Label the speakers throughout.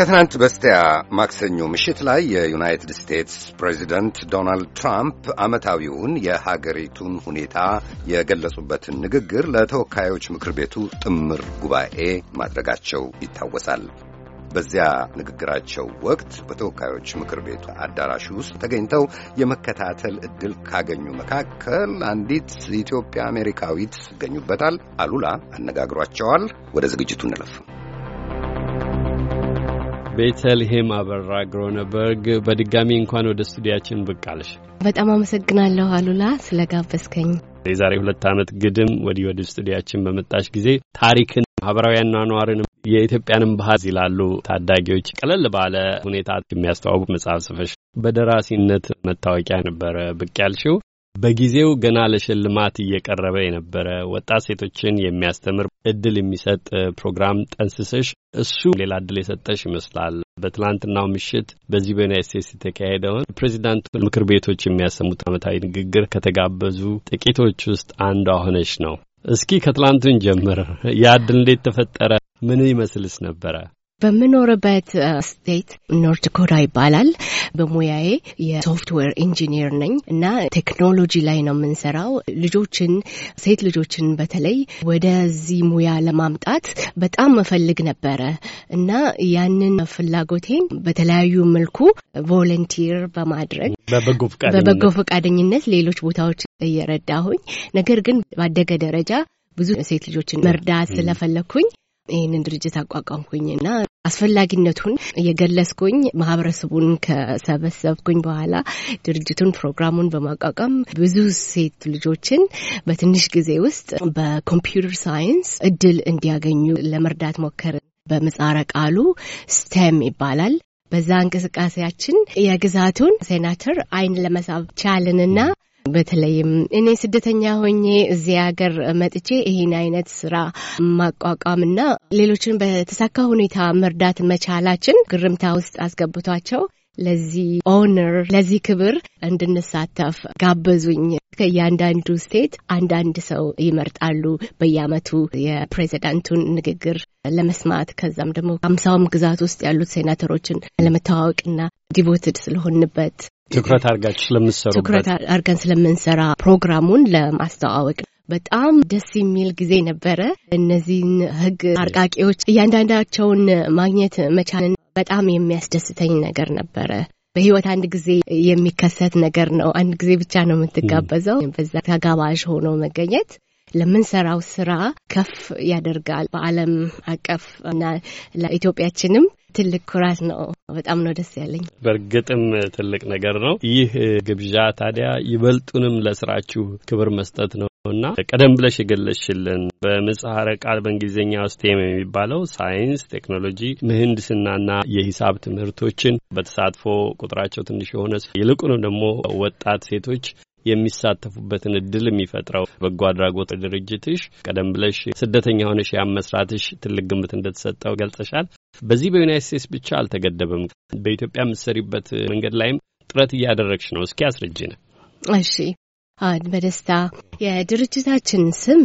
Speaker 1: ከትናንት በስቲያ ማክሰኞ ምሽት ላይ የዩናይትድ ስቴትስ ፕሬዚደንት ዶናልድ ትራምፕ ዓመታዊውን የሀገሪቱን ሁኔታ የገለጹበትን ንግግር ለተወካዮች ምክር ቤቱ ጥምር ጉባኤ ማድረጋቸው ይታወሳል። በዚያ ንግግራቸው ወቅት በተወካዮች ምክር ቤቱ አዳራሽ ውስጥ ተገኝተው የመከታተል ዕድል ካገኙ መካከል አንዲት ኢትዮጵያ አሜሪካዊት ይገኙበታል። አሉላ አነጋግሯቸዋል። ወደ ዝግጅቱ እንለፍ። ቤተልሔም አበራ ግሮነበርግ በድጋሚ እንኳን ወደ ስቱዲያችን ብቅ አለሽ።
Speaker 2: በጣም አመሰግናለሁ አሉላ ስለ ጋበዝከኝ።
Speaker 1: የዛሬ ሁለት ዓመት ግድም ወዲህ ወደ ስቱዲያችን በመጣሽ ጊዜ ታሪክን፣ ማህበራዊ አኗኗርን፣ የኢትዮጵያንም ባህል ይላሉ ታዳጊዎች ቀለል ባለ ሁኔታ የሚያስተዋውቅ መጽሐፍ ጽፈሽ በደራሲነት መታወቂያ ነበረ ብቅ ያልሽው። በጊዜው ገና ለሽልማት እየቀረበ የነበረ ወጣት ሴቶችን የሚያስተምር እድል የሚሰጥ ፕሮግራም ጠንስሰሽ እሱ ሌላ እድል የሰጠሽ ይመስላል። በትላንትናው ምሽት በዚህ በዩናይት ስቴትስ የተካሄደውን ፕሬዚዳንቱ ምክር ቤቶች የሚያሰሙት ዓመታዊ ንግግር ከተጋበዙ ጥቂቶች ውስጥ አንዷ ሆነች ነው። እስኪ ከትላንቱን ጀምር፣ ያ እድል እንዴት ተፈጠረ? ምን ይመስልስ ነበረ?
Speaker 2: በምኖርበት ስቴት ኖርት ዳኮታ ይባላል። በሙያዬ የሶፍትዌር ኢንጂኒየር ነኝ እና ቴክኖሎጂ ላይ ነው የምንሰራው። ልጆችን ሴት ልጆችን በተለይ ወደዚህ ሙያ ለማምጣት በጣም መፈልግ ነበረ እና ያንን ፍላጎቴን በተለያዩ መልኩ ቮለንቲር በማድረግ በበጎ ፈቃደኝነት ሌሎች ቦታዎች እየረዳሁኝ ነገር ግን ባደገ ደረጃ ብዙ ሴት ልጆችን መርዳት ስለፈለግኩኝ ይህንን ድርጅት አቋቋምኩኝና አስፈላጊነቱን የገለጽኩኝ ማህበረሰቡን ከሰበሰብኩኝ በኋላ ድርጅቱን ፕሮግራሙን በማቋቋም ብዙ ሴት ልጆችን በትንሽ ጊዜ ውስጥ በኮምፒውተር ሳይንስ እድል እንዲያገኙ ለመርዳት ሞከርን። በምህጻረ ቃሉ ስቴም ይባላል። በዛ እንቅስቃሴያችን የግዛቱን ሴናተር አይን ለመሳብ ቻልንና በተለይም እኔ ስደተኛ ሆኜ እዚህ ሀገር መጥቼ ይህን አይነት ስራ ማቋቋምና ሌሎችን በተሳካ ሁኔታ መርዳት መቻላችን ግርምታ ውስጥ አስገብቷቸው ለዚህ ኦነር ለዚህ ክብር እንድንሳተፍ ጋበዙኝ። ከእያንዳንዱ ስቴት አንዳንድ ሰው ይመርጣሉ በየአመቱ የፕሬዚዳንቱን ንግግር ለመስማት ከዛም ደግሞ አምሳውም ግዛት ውስጥ ያሉት ሴናተሮችን ለመተዋወቅና ዲቮትድ ስለሆንበት ትኩረት
Speaker 1: አርጋችሁ ስለምሰሩ ትኩረት
Speaker 2: አርገን ስለምንሰራ ፕሮግራሙን ለማስተዋወቅ በጣም ደስ የሚል ጊዜ ነበረ። እነዚህን ህግ አርቃቂዎች እያንዳንዳቸውን ማግኘት መቻልን በጣም የሚያስደስተኝ ነገር ነበረ። በህይወት አንድ ጊዜ የሚከሰት ነገር ነው። አንድ ጊዜ ብቻ ነው የምትጋበዘው። በዛ ተጋባዥ ሆኖ መገኘት ለምንሰራው ስራ ከፍ ያደርጋል። በዓለም አቀፍ እና ለኢትዮጵያችንም ትልቅ ኩራት ነው። በጣም ነው ደስ ያለኝ።
Speaker 1: በእርግጥም ትልቅ ነገር ነው። ይህ ግብዣ ታዲያ ይበልጡንም ለስራችሁ ክብር መስጠት ነው እና ቀደም ብለሽ የገለሽልን በምጽሐረ ቃል በእንግሊዝኛው ስቴም የሚባለው ሳይንስ፣ ቴክኖሎጂ፣ ምህንድስናና የሂሳብ ትምህርቶችን በተሳትፎ ቁጥራቸው ትንሽ የሆነ ይልቁንም ደግሞ ወጣት ሴቶች የሚሳተፉበትን እድል የሚፈጥረው በጎ አድራጎት ድርጅትሽ ቀደም ብለሽ ስደተኛ ሆነሽ ያም መስራትሽ ትልቅ ግምት እንደተሰጠው ገልጸሻል። በዚህ በዩናይት ስቴትስ ብቻ አልተገደበም። በኢትዮጵያ የምትሰሪበት መንገድ ላይም ጥረት እያደረግሽ ነው። እስኪ አስረጅን።
Speaker 2: እሺ አድ በደስታ የድርጅታችን ስም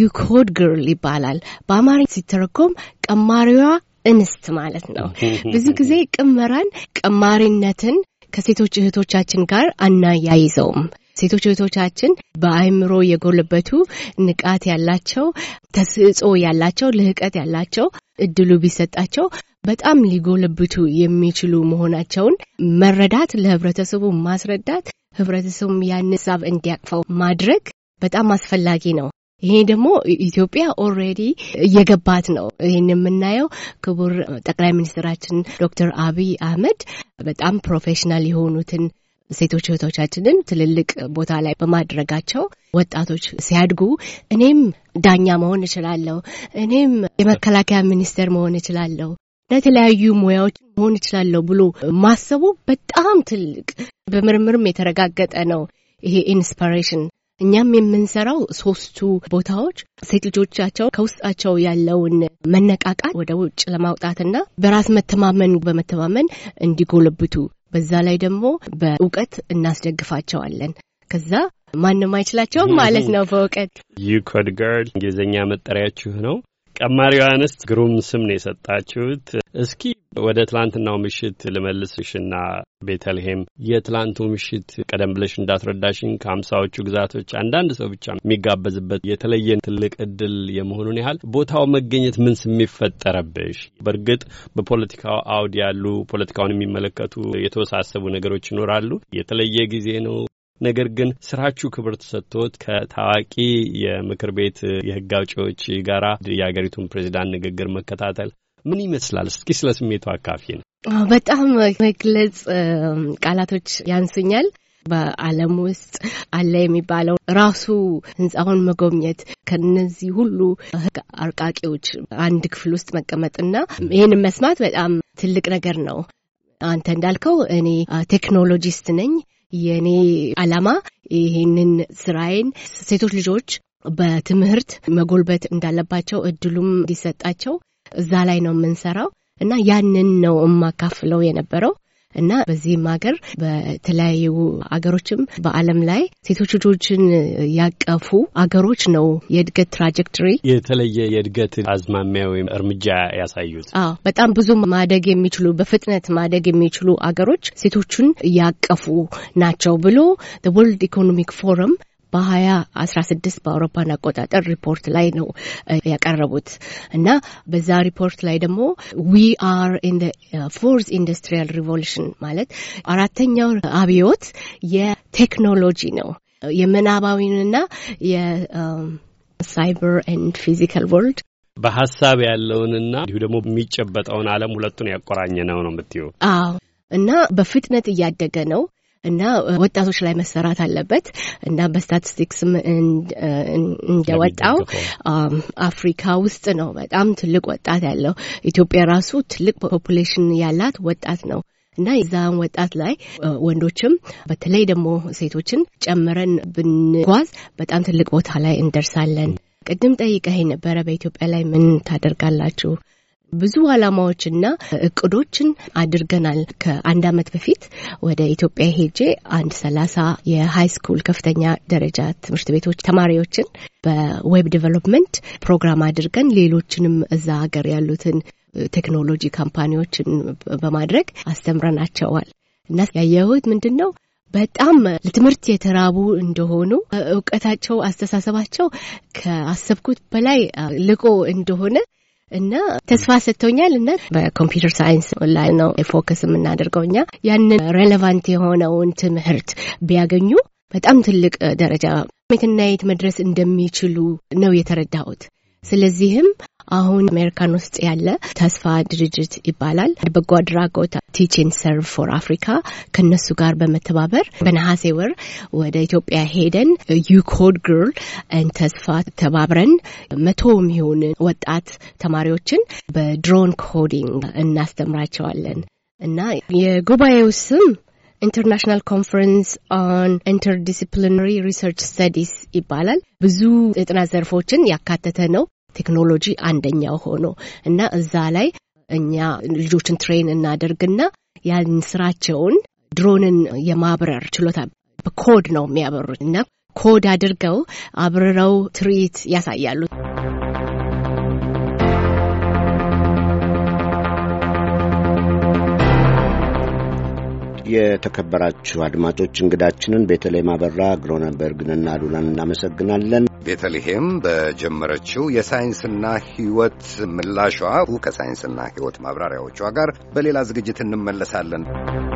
Speaker 2: ዩኮድ ግርል ይባላል። በአማርኛ ሲተረጎም ቀማሪዋ እንስት ማለት ነው። ብዙ ጊዜ ቅመራን፣ ቀማሪነትን ከሴቶች እህቶቻችን ጋር አናያይዘውም። ሴቶች እህቶቻችን በአእምሮ የጎለበቱ ንቃት ያላቸው ተሰጥኦ ያላቸው ልህቀት ያላቸው እድሉ ቢሰጣቸው በጣም ሊጎለብቱ የሚችሉ መሆናቸውን መረዳት፣ ለህብረተሰቡ ማስረዳት፣ ህብረተሰቡም ያን ሳብ እንዲያቅፈው ማድረግ በጣም አስፈላጊ ነው። ይሄ ደግሞ ኢትዮጵያ ኦልሬዲ እየገባት ነው። ይህን የምናየው ክቡር ጠቅላይ ሚኒስትራችን ዶክተር አብይ አህመድ በጣም ፕሮፌሽናል የሆኑትን ሴቶች እህቶቻችንን ትልልቅ ቦታ ላይ በማድረጋቸው ወጣቶች ሲያድጉ እኔም ዳኛ መሆን እችላለሁ፣ እኔም የመከላከያ ሚኒስቴር መሆን እችላለሁ፣ ለተለያዩ ሙያዎች መሆን እችላለሁ ብሎ ማሰቡ በጣም ትልቅ በምርምርም የተረጋገጠ ነው። ይሄ ኢንስፓሬሽን እኛም የምንሰራው ሶስቱ ቦታዎች ሴት ልጆቻቸው ከውስጣቸው ያለውን መነቃቃት ወደ ውጭ ለማውጣትና በራስ መተማመን በመተማመን እንዲጎለብቱ በዛ ላይ ደግሞ በእውቀት እናስደግፋቸዋለን። ከዛ ማንም አይችላቸውም ማለት ነው። በእውቀት ዩኮድጋርድ
Speaker 1: እንግሊዝኛ መጠሪያችሁ ነው። ቀማሪዋ አንስት ግሩም ስም ነው የሰጣችሁት። እስኪ ወደ ትላንትናው ምሽት ልመልስሽና ቤተልሔም የትላንቱ ምሽት ቀደም ብለሽ እንዳስረዳሽን ከሀምሳዎቹ ግዛቶች አንዳንድ ሰው ብቻ የሚጋበዝበት የተለየ ትልቅ እድል የመሆኑን ያህል ቦታው መገኘት ምን ስሜት ፈጠረብሽ? በእርግጥ በፖለቲካው አውድ ያሉ ፖለቲካውን የሚመለከቱ የተወሳሰቡ ነገሮች ይኖራሉ። የተለየ ጊዜ ነው። ነገር ግን ስራችሁ ክብር ተሰጥቶት ከታዋቂ የምክር ቤት የህግ አውጪዎች ጋራ የሀገሪቱን ፕሬዚዳንት ንግግር መከታተል ምን ይመስላል? እስኪ ስለ ስሜቱ አካፊ ነው።
Speaker 2: በጣም መግለጽ ቃላቶች ያንሱኛል። በዓለም ውስጥ አለ የሚባለው ራሱ ህንፃውን መጎብኘት ከነዚህ ሁሉ ህግ አርቃቂዎች አንድ ክፍል ውስጥ መቀመጥና ይህንን መስማት በጣም ትልቅ ነገር ነው። አንተ እንዳልከው እኔ ቴክኖሎጂስት ነኝ። የኔ አላማ ይህንን ስራዬን ሴቶች ልጆች በትምህርት መጎልበት እንዳለባቸው እድሉም እንዲሰጣቸው እዛ ላይ ነው የምንሰራው እና ያንን ነው የማካፍለው የነበረው። እና በዚህም ሀገር በተለያዩ አገሮችም በዓለም ላይ ሴቶች ልጆችን ያቀፉ አገሮች ነው የእድገት ትራጀክትሪ
Speaker 1: የተለየ የእድገት አዝማሚያ ወይም እርምጃ ያሳዩት።
Speaker 2: አዎ በጣም ብዙ ማደግ የሚችሉ በፍጥነት ማደግ የሚችሉ አገሮች ሴቶቹን ያቀፉ ናቸው ብሎ ወርልድ ኢኮኖሚክ ፎረም በ2016 በአውሮፓን አቆጣጠር ሪፖርት ላይ ነው ያቀረቡት እና በዛ ሪፖርት ላይ ደግሞ ዊ አር ኢን ፎርዝ ኢንዱስትሪያል ሪቮሉሽን ማለት አራተኛው አብዮት የቴክኖሎጂ ነው የምናባዊንና የሳይበር ኤንድ ፊዚካል ወርልድ
Speaker 1: በሀሳብ ያለውንና እንዲሁ ደግሞ የሚጨበጠውን ዓለም ሁለቱን ያቆራኘ ነው ነው የምትይው?
Speaker 2: አዎ። እና በፍጥነት እያደገ ነው። እና ወጣቶች ላይ መሰራት አለበት እና በስታቲስቲክስም እንደወጣው አፍሪካ ውስጥ ነው በጣም ትልቅ ወጣት ያለው። ኢትዮጵያ ራሱ ትልቅ ፖፑሌሽን ያላት ወጣት ነው እና የዛን ወጣት ላይ ወንዶችም በተለይ ደግሞ ሴቶችን ጨምረን ብንጓዝ በጣም ትልቅ ቦታ ላይ እንደርሳለን። ቅድም ጠይቀህ ነበረ በኢትዮጵያ ላይ ምን ታደርጋላችሁ? ብዙ ዓላማዎችና እቅዶችን አድርገናል። ከአንድ አመት በፊት ወደ ኢትዮጵያ ሄጄ አንድ ሰላሳ የሃይ ስኩል ከፍተኛ ደረጃ ትምህርት ቤቶች ተማሪዎችን በዌብ ዲቨሎፕመንት ፕሮግራም አድርገን ሌሎችንም እዛ ሀገር ያሉትን ቴክኖሎጂ ካምፓኒዎችን በማድረግ አስተምረናቸዋል እና ያየሁት ምንድን ነው በጣም ለትምህርት የተራቡ እንደሆኑ እውቀታቸው፣ አስተሳሰባቸው ከአሰብኩት በላይ ልቆ እንደሆነ እና ተስፋ ሰጥቶኛል። እና በኮምፒውተር ሳይንስ ላይ ነው ፎከስ የምናደርገው እኛ ያንን ሬሌቫንት የሆነውን ትምህርት ቢያገኙ በጣም ትልቅ ደረጃ የትና የት መድረስ እንደሚችሉ ነው የተረዳሁት። ስለዚህም አሁን አሜሪካን ውስጥ ያለ ተስፋ ድርጅት ይባላል። በጎ አድራጎት ቲችን ሰርቭ ፎር አፍሪካ ከነሱ ጋር በመተባበር በነሐሴ ወር ወደ ኢትዮጵያ ሄደን ዩኮድ ግርል ተስፋ ተባብረን መቶ የሚሆን ወጣት ተማሪዎችን በድሮን ኮዲንግ እናስተምራቸዋለን እና የጉባኤው ስም ኢንተርናሽናል ኮንፈረንስ ኦን ኢንተርዲስፕሊናሪ ሪሰርች ስተዲስ ይባላል። ብዙ የጥናት ዘርፎችን ያካተተ ነው። ቴክኖሎጂ አንደኛው ሆኖ እና እዛ ላይ እኛ ልጆችን ትሬን እናደርግና ያን ስራቸውን ድሮንን የማብረር ችሎታ በኮድ ነው የሚያበሩት እና ኮድ አድርገው አብረረው ትርኢት ያሳያሉ።
Speaker 1: የተከበራችሁ አድማጮች እንግዳችንን ቤተልሔም አበራ ግሮነበርግንና አሉላን እናመሰግናለን። ቤተልሔም በጀመረችው የሳይንስና ሕይወት ምላሿ ከሳይንስና ሕይወት ማብራሪያዎቿ ጋር በሌላ ዝግጅት እንመለሳለን።